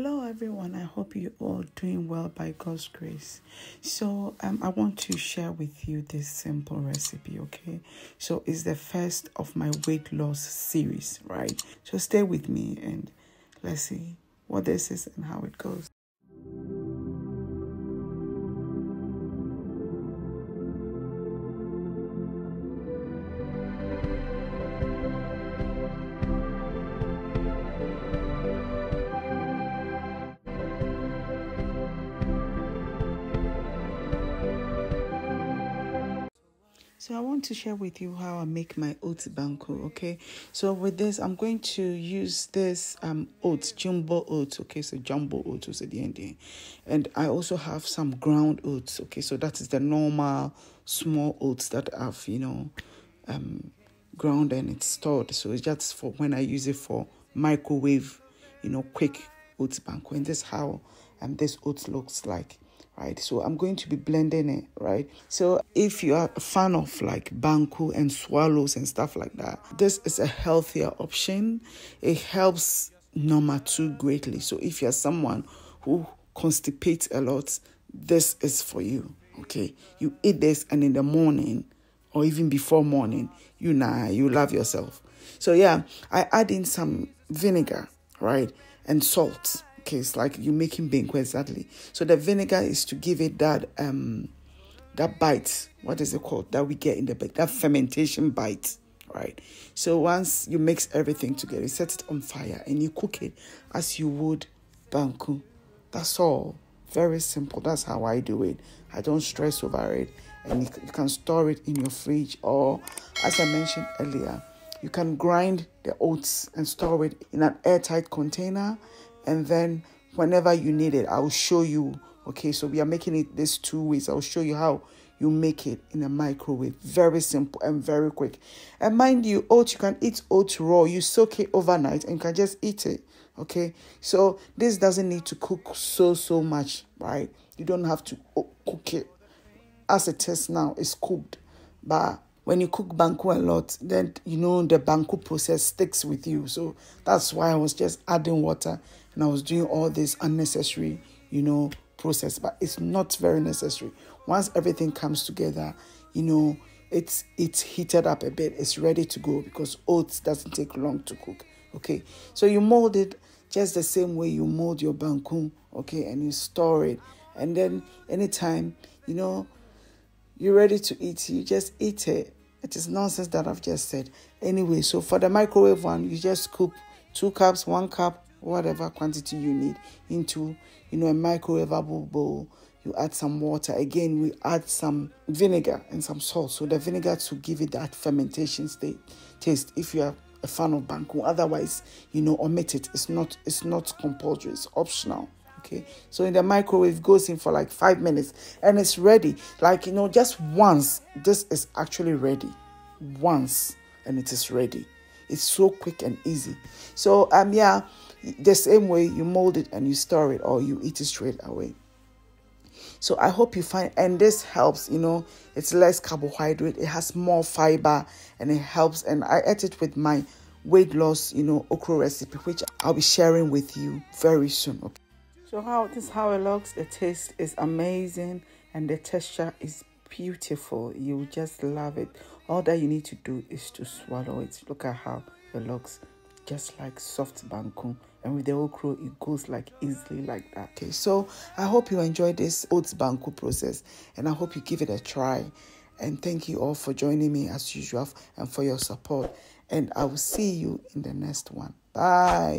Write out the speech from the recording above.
Hello, everyone. I hope you all doing well by God's grace. So, um, I want to share with you this simple recipe, okay? So, it's the first of my weight loss series, right? So, stay with me and let's see what this is and how it goes. So I want to share with you how I make my oats banko, okay? So with this, I'm going to use this um oats, jumbo oats, okay? So jumbo oats is the ending. And I also have some ground oats, okay? So that is the normal small oats that I've, you know, um ground and it's stored. So it's just for when I use it for microwave, you know, quick oats banko. And this how um this oats looks like right? So I'm going to be blending it, right? So if you are a fan of like banku and swallows and stuff like that, this is a healthier option. It helps number two greatly. So if you're someone who constipates a lot, this is for you. Okay. You eat this and in the morning or even before morning, you nah, you love yourself. So yeah, I add in some vinegar, right? And salt case, like you making bingo exactly. So the vinegar is to give it that um that bite. What is it called? That we get in the that fermentation bite. Right. So once you mix everything together, you set it on fire and you cook it as you would banku. That's all. Very simple. That's how I do it. I don't stress over it. And you can store it in your fridge or, as I mentioned earlier, you can grind the oats and store it in an airtight container and then whenever you need it, I'll show you. Okay, so we are making it this two ways. I'll show you how you make it in a microwave. Very simple and very quick. And mind you, oats, you can eat oats raw. You soak it overnight and can just eat it. Okay, so this doesn't need to cook so, so much, right? You don't have to cook it. As it is now, it's cooked. But when you cook banku a lot, then, you know, the banku process sticks with you. So that's why I was just adding water and I was doing all this unnecessary, you know, process, but it's not very necessary. Once everything comes together, you know, it's it's heated up a bit, it's ready to go because oats doesn't take long to cook. Okay. So you mold it just the same way you mold your bankum, okay, and you store it. And then anytime, you know, you're ready to eat, you just eat it. It is nonsense that I've just said. Anyway, so for the microwave one, you just scoop two cups, one cup, whatever quantity you need into you know a microwaveable bowl you add some water again we add some vinegar and some salt so the vinegar to give it that fermentation state taste if you are a fan of banku otherwise you know omit it it's not it's not compulsory it's optional okay so in the microwave goes in for like five minutes and it's ready like you know just once this is actually ready once and it is ready it's so quick and easy so um yeah the same way you mold it and you store it or you eat it straight away. So I hope you find and this helps, you know, it's less carbohydrate, it has more fiber and it helps and I ate it with my weight loss, you know, okra recipe which I'll be sharing with you very soon. Okay? So how this is how it looks, the taste is amazing and the texture is beautiful. You just love it. All that you need to do is to swallow it. Look at how it looks just like soft banku and with the okra it goes like easily like that okay so i hope you enjoyed this oats banku process and i hope you give it a try and thank you all for joining me as usual and for your support and i will see you in the next one bye